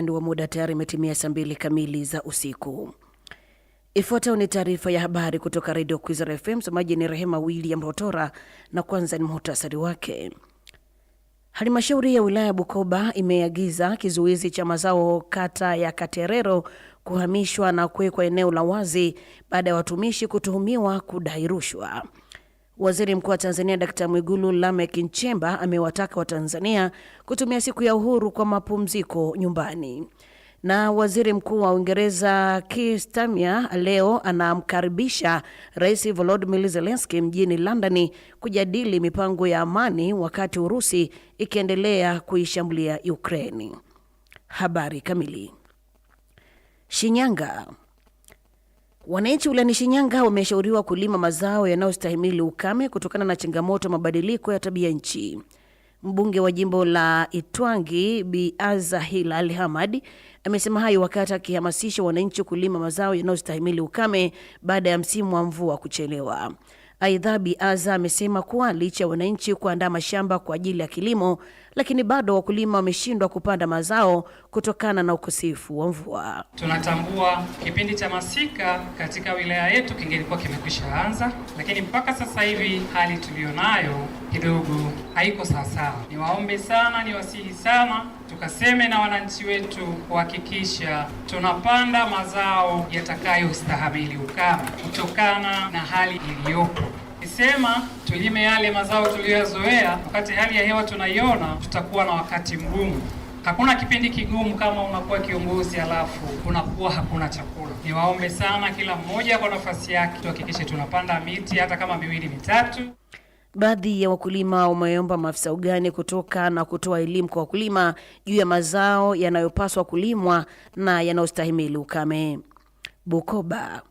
upande wa muda tayari imetimia saa mbili kamili za usiku. Ifuatayo ni taarifa ya habari kutoka redio Kwizera FM. Msomaji ni Rehema William Rotora na kwanza ni muhtasari wake. Halmashauri ya wilaya ya Bukoba imeagiza kizuizi cha mazao kata ya Katerero kuhamishwa na kuwekwa eneo la wazi baada ya watumishi kutuhumiwa kudai rushwa. Waziri Mkuu wa Tanzania Dkt. Mwigulu Lamek Nchemba amewataka Watanzania kutumia siku ya uhuru kwa mapumziko nyumbani. Na Waziri Mkuu wa Uingereza Keir Starmer leo anamkaribisha Rais Volodymyr Zelensky mjini London kujadili mipango ya amani wakati Urusi ikiendelea kuishambulia Ukraine. Habari kamili. Shinyanga Wananchi wilayani Shinyanga wameshauriwa kulima mazao yanayostahimili ukame kutokana na changamoto ya mabadiliko ya tabia nchi. Mbunge wa jimbo la Itwangi Bi Azahil al Hamad amesema hayo wakati akihamasisha wananchi kulima mazao yanayostahimili ukame baada ya msimu wa mvua kuchelewa. Aidha, Bi Aza amesema kuwa licha ya wananchi kuandaa mashamba kwa ajili ya kilimo, lakini bado wakulima wameshindwa kupanda mazao kutokana na ukosefu wa mvua. Tunatambua kipindi cha masika katika wilaya yetu kingelikuwa kimekwisha anza, lakini mpaka sasa hivi hali tuliyonayo kidogo haiko sawasawa. Niwaombe sana, niwasihi sana tukaseme na wananchi wetu kuhakikisha tunapanda mazao yatakayostahimili ukame kutokana na hali iliyopo. Kisema tulime yale mazao tuliyozoea wakati hali ya hewa tunaiona, tutakuwa na wakati mgumu. Hakuna kipindi kigumu kama unakuwa kiongozi alafu unakuwa hakuna chakula. Niwaombe sana kila mmoja kwa nafasi yake, tuhakikishe tunapanda miti hata kama miwili mitatu. Baadhi ya wakulima wameomba maafisa ugani kutoka na kutoa elimu kwa wakulima juu ya mazao yanayopaswa kulimwa na yanayostahimili ukame. Bukoba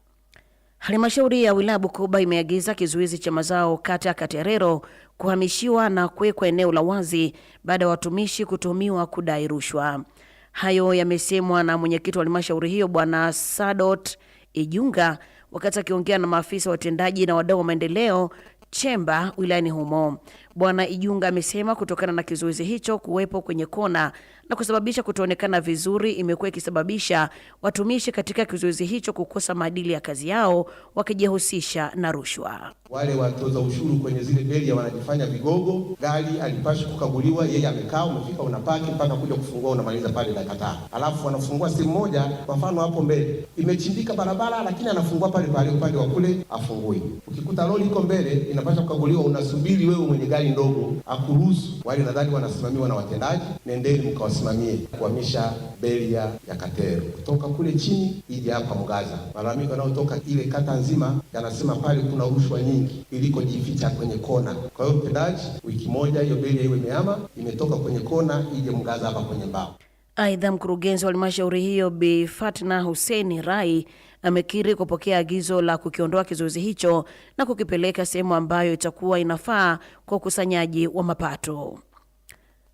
Halmashauri ya wilaya Bukoba imeagiza kizuizi cha mazao kata ya Katerero kuhamishiwa na kuwekwa eneo la wazi baada ya watumishi kutuhumiwa kudai rushwa. Hayo yamesemwa na mwenyekiti wa halmashauri hiyo Bwana Sadot Ijunga wakati akiongea na maafisa watendaji na wadau wa maendeleo Chemba wilayani humo. Bwana Ijunga amesema kutokana na kizuizi hicho kuwepo kwenye kona na kusababisha kutoonekana vizuri, imekuwa ikisababisha watumishi katika kizuizi hicho kukosa maadili ya kazi yao wakijihusisha na rushwa. Wale watoza ushuru kwenye zile beria wanajifanya vigogo, gari alipashi kukaguliwa, yeye amekaa, umefika unapaki mpaka kuja kufungua, unamaliza pale dakika tano, alafu wanafungua simu moja, kwa mfano hapo mbele imechindika barabara, lakini anafungua pale pale upande wa kule afungui. Ukikuta lori iko mbele inapasha kukaguliwa, unasubiri wewe mwenye gari serikali ndogo akuruhusu wale, nadhani wanasimamiwa na watendaji. Nendeni mkawasimamie kuhamisha beria ya Katero kutoka kule chini ije hapa Mgaza. Malalamiko yanayotoka ile kata nzima yanasema pale kuna rushwa nyingi ilikojificha kwenye kona. Kwa hiyo mtendaji, wiki moja hiyo beria iwe imehama imetoka kwenye kona ije Mgaza hapa kwenye mbao. Aidha, mkurugenzi wa halmashauri hiyo Bi Fatna Hussein Rai amekiri kupokea agizo la kukiondoa kizuizi hicho na kukipeleka sehemu ambayo itakuwa inafaa kwa ukusanyaji wa mapato.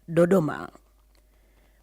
Dodoma.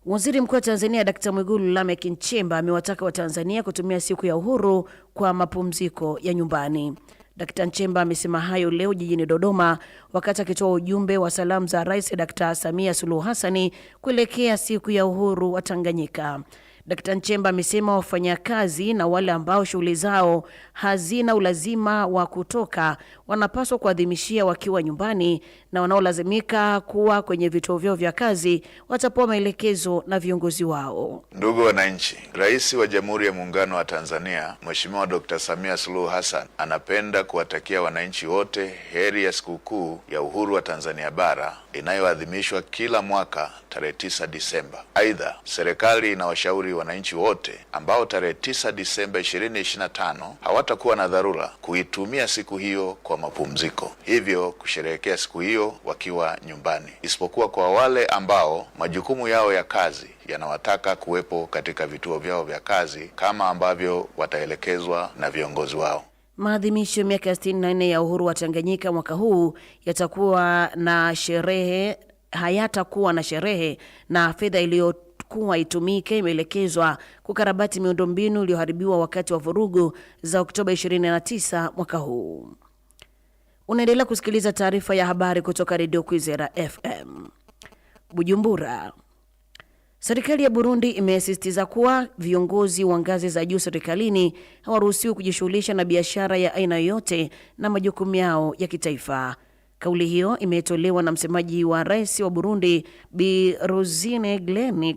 Waziri Mkuu wa Tanzania Dkt. Mwigulu Lameck Nchemba amewataka Watanzania kutumia siku ya uhuru kwa mapumziko ya nyumbani. Dkt. Nchemba amesema hayo leo jijini Dodoma wakati akitoa ujumbe wa salamu za Rais Dkt. Samia Suluhu hasani kuelekea siku ya uhuru wa Tanganyika. Dkt. Nchemba amesema wafanyakazi na wale ambao shughuli zao hazina ulazima wa kutoka wanapaswa kuadhimishia wakiwa nyumbani na wanaolazimika kuwa kwenye vituo vyao vya kazi watapewa maelekezo na viongozi wao. Ndugu wananchi, Rais wa Jamhuri ya Muungano wa Tanzania Mheshimiwa Dr. Samia Suluhu Hassan anapenda kuwatakia wananchi wote heri ya sikukuu ya uhuru wa Tanzania bara inayoadhimishwa kila mwaka tarehe 9 Disemba. Aidha, serikali inawashauri wananchi wote ambao tarehe 9 Disemba 2025 hawatakuwa na dharura kuitumia siku hiyo kwa mapumziko, hivyo kusherehekea siku hiyo wakiwa nyumbani, isipokuwa kwa wale ambao majukumu yao ya kazi yanawataka kuwepo katika vituo vyao vya kazi kama ambavyo wataelekezwa na viongozi wao. Maadhimisho ya miaka 64 ya uhuru wa Tanganyika mwaka huu yatakuwa na sherehe, hayatakuwa na sherehe na fedha iliyokuwa itumike imeelekezwa kukarabati miundombinu iliyoharibiwa wakati wa vurugu za Oktoba 29 mwaka huu. Unaendelea kusikiliza taarifa ya habari kutoka redio Kwizera FM. Bujumbura, serikali ya Burundi imesisitiza kuwa viongozi wa ngazi za juu serikalini hawaruhusiwi kujishughulisha na biashara ya aina yoyote na majukumu yao ya kitaifa. Kauli hiyo imetolewa na msemaji wa rais wa Burundi Bi Rosine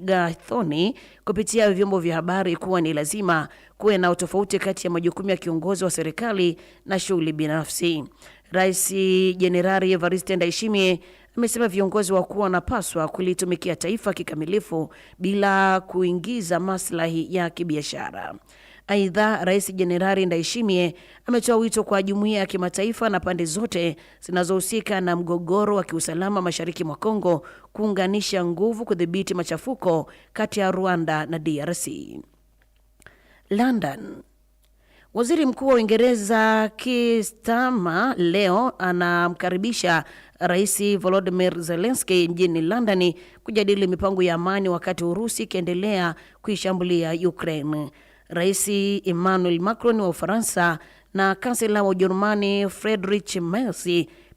Gathoni kupitia vyombo vya habari kuwa ni lazima kuwe na utofauti kati ya majukumu ya kiongozi wa serikali na shughuli binafsi. Rais Jenerali Evariste Ndayishimiye amesema viongozi wakuu wanapaswa kulitumikia taifa kikamilifu bila kuingiza maslahi ya kibiashara. Aidha, Rais Jenerali Ndayishimiye ametoa wito kwa jumuiya ya kimataifa na pande zote zinazohusika na mgogoro wa kiusalama mashariki mwa Kongo kuunganisha nguvu kudhibiti machafuko kati ya Rwanda na DRC. London Waziri Mkuu wa Uingereza kistama leo anamkaribisha Rais Volodymyr Zelensky mjini London kujadili mipango ya amani wakati Urusi ikiendelea kuishambulia Ukraine. Rais Emmanuel Macron wa Ufaransa na kansela wa Ujerumani Friedrich Merz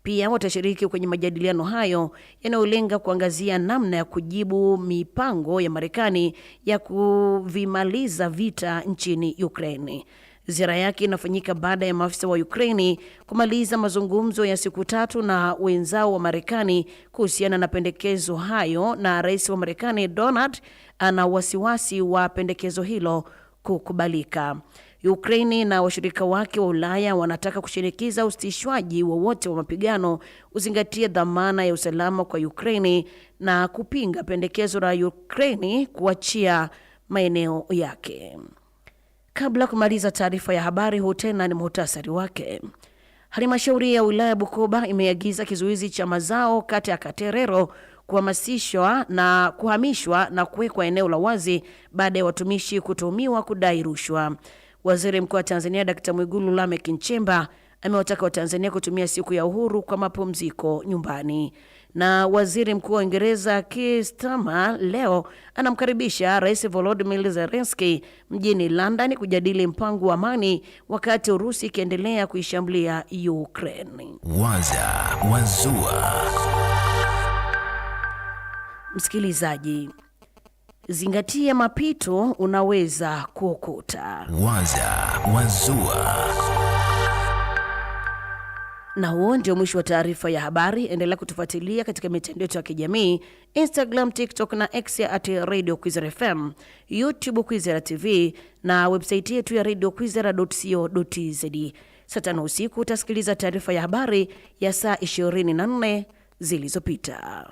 pia watashiriki kwenye majadiliano hayo yanayolenga kuangazia namna ya kujibu mipango ya Marekani ya kuvimaliza vita nchini Ukraine. Ziara yake inafanyika baada ya maafisa wa Ukraini kumaliza mazungumzo ya siku tatu na wenzao wa Marekani kuhusiana na pendekezo hayo, na rais wa Marekani Donald ana wasiwasi wa pendekezo hilo kukubalika. Ukraini na washirika wake wa Ulaya wanataka kushinikiza usitishwaji wowote wa, wa mapigano uzingatie dhamana ya usalama kwa Ukraini na kupinga pendekezo la Ukraini kuachia maeneo yake. Kabla kumaliza taarifa ya habari, huu tena ni muhtasari wake. Halmashauri ya wilaya Bukoba imeagiza kizuizi cha mazao kata ya Katerero kuhamasishwa na kuhamishwa na kuwekwa eneo la wazi baada ya watumishi kutuhumiwa kudai rushwa. Waziri Mkuu wa Tanzania Dkt. Mwigulu Lameck Nchemba amewataka Watanzania kutumia siku ya uhuru kwa mapumziko nyumbani. Na waziri mkuu wa Uingereza Keir Starmer leo anamkaribisha Rais Volodymyr Zelensky mjini London kujadili mpango wa amani wakati Urusi ikiendelea kuishambulia Ukraine. Waza Wazua. Msikilizaji, zingatia mapito, unaweza kuokota. Waza Wazua. Na huo ndio mwisho wa taarifa ya habari. Endelea kutufuatilia katika mitandao yetu ya kijamii Instagram, TikTok na X at Radio Kwizera FM, YouTube Kwizera TV na websaiti yetu ya Radio Kwizera.co.tz. Saa tano usiku utasikiliza taarifa ya habari ya saa 24 zilizopita.